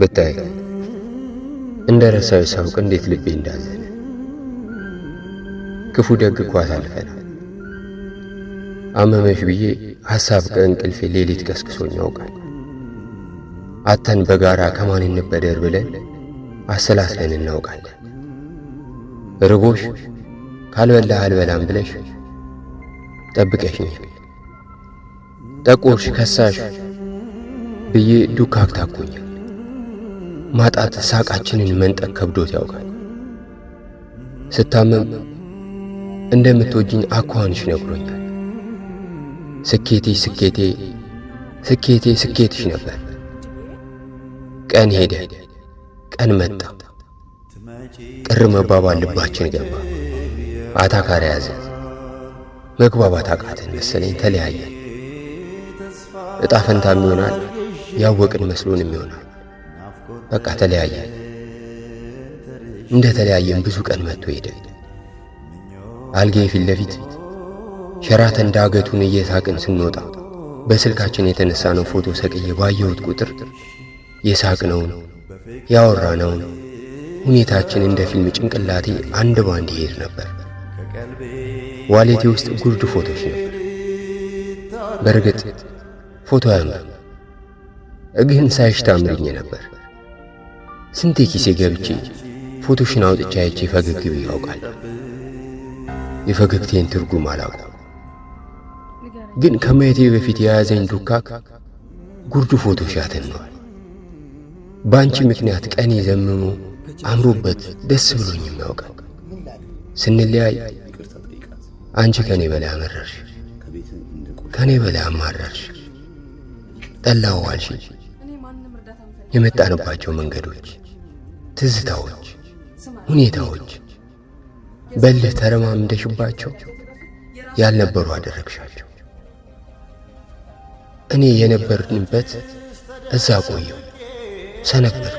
ብታይ እንደ ረሳዊ ሳውቅ እንዴት ልቤ እንዳዘነ ክፉ ደግ ኳት አልፈናል። አመመሽ ብዬ ሐሳብ ከእንቅልፌ ሌሊት ቀስቅሶኝ ያውቃል። አተን በጋራ ከማን እንበደር ብለን አሰላስለን እናውቃለን። ርቦሽ ካልበላህ አልበላም ብለሽ ጠብቀሽኝ ጠቆርሽ ከሳሽ ብዬ ዱካክ ታኮኛል። ማጣት ሳቃችንን መንጠቅ ከብዶት ያውቃል። ስታመም እንደምትወጂኝ አኳንሽ ነግሮኛል። ስኬቴ ስኬቴ ስኬቴ ስኬትሽ ነበር። ቀን ሄደ፣ ቀን መጣ። ቅር መባባል ልባችን ገባ፣ አታካሪ ያዘ። መግባባት አቃተን መሰለኝ፣ ተለያየን። እጣ ፈንታም ይሆናል ያወቅን መስሎንም ይሆናል በቃ ተለያየ። እንደ ተለያየም ብዙ ቀን መጥቶ ሄደ። አልጌ ፊት ለፊት ሸራተን ዳገቱን እየሳቅን ስንወጣ በስልካችን ነው ፎቶ ሰቅዬ ባየሁት ቁጥር የሳቅነውን ያወራነውን ሁኔታችን እንደ ፊልም ጭንቅላቴ አንድ ባንድ ይሄድ ነበር። ዋሌቴ ውስጥ ጉርድ ፎቶች ነበር። በእርግጥ ፎቶ ያምራል፣ ግን ሳይሽ ታምርኝ ነበር። ስንቴ ኪሴ ገብቼ ፎቶሽን አውጥቻ አይቼ ፈገግ ብዬ አውቃለሁ። የፈገግቴን ትርጉም አላውቀው፣ ግን ከማየቴ በፊት የያዘኝ ዱካ ጉርዱ ፎቶሽ ያተነዋል። በአንቺ ምክንያት ቀኔ ዘምሞ አምሮበት ደስ ብሎኝም ያውቃል። ስንለያይ አንቺ ከኔ በላይ አመረርሽ፣ ከኔ በላይ አማረርሽ፣ ጠላዋልሽ የመጣንባቸው መንገዶች፣ ትዝታዎች፣ ሁኔታዎች በልህ ተረማምደሽባቸው ያልነበሩ አደረግሻቸው። እኔ የነበርንበት እዛ ቆየው ሰነበርኩ።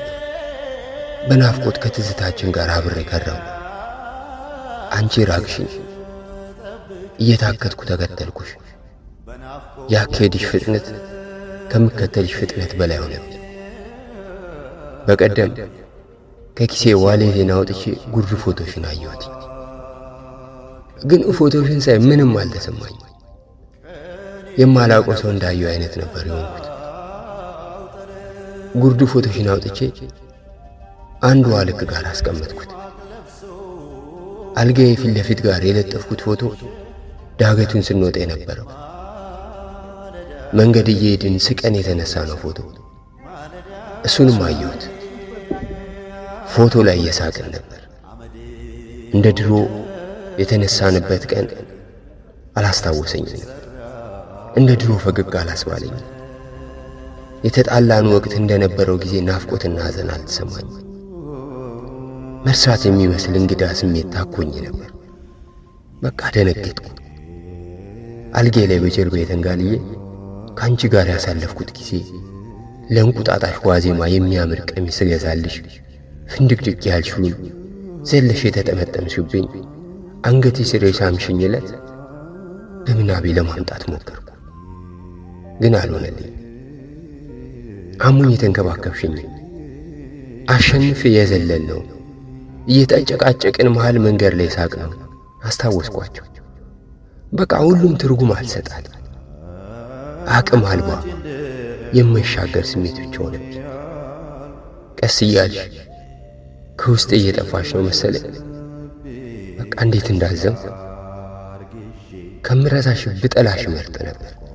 በናፍቆት ከትዝታችን ጋር አብሬ ቀረው። አንቺ ራቅሽኝ፣ እየታከትኩ ተከተልኩሽ። ያካሄድሽ ፍጥነት ከምከተልሽ ፍጥነት በላይ ሆነብኝ። በቀደም ከኪሴ ዋሌቴን አውጥቼ ጉድ ፎቶሽን አየሁት። ግን ፎቶሽን ሳይ ምንም አልተሰማኝ። የማላውቀው ሰው እንዳየው አይነት ነበር የሆንኩት። ጉርዱ ፎቶሽን አውጥቼ አንዱ አልክ ጋር አስቀመጥኩት። አልጋዬ ፊት ለፊት ጋር የለጠፍኩት ፎቶ ዳገቱን ስንወጣ የነበረው መንገድ እየሄድን ስቀን የተነሳ ነው ፎቶ እሱንም አየሁት። ፎቶ ላይ እየሳቅን ነበር። እንደ ድሮ የተነሳንበት ቀን አላስታወሰኝም ነበር። እንደ ድሮ ፈገግ አላስባለኝም። የተጣላን ወቅት እንደነበረው ጊዜ ናፍቆትና ሐዘን አልተሰማኝ። መርሳት የሚመስል እንግዳ ስሜት ታኮኝ ነበር። በቃ ደነገጥኩ። አልጌ ላይ በጀርባ የተንጋልዬ ከአንቺ ጋር ያሳለፍኩት ጊዜ ለእንቁጣጣሽ ዋዜማ የሚያምር ቀሚስ እገዛልሽ ፍንድቅድቅ ያልሽውን ዘለሽ የተጠመጠምሽብኝ አንገቴ ስር የሳምሽኝ ዕለት በምናቤ ለማምጣት ሞከርኩ፣ ግን አልሆነልኝ። አሙኝ የተንከባከብሽኝ አሸንፍ የዘለል ነው እየተጨቃጨቅን መሃል መንገድ ላይ ሳቅ ነው አስታወስኳቸው። በቃ ሁሉም ትርጉም አልሰጣት አቅም አልባ የማይሻገር ስሜት ብቻ ሆነብኝ። ቀስ እያልሽ ከውስጥ እየጠፋሽ ነው መሰለኝ። በቃ እንዴት እንዳዘም ከምረታሽ ብጠላሽ መርጥ ነበር።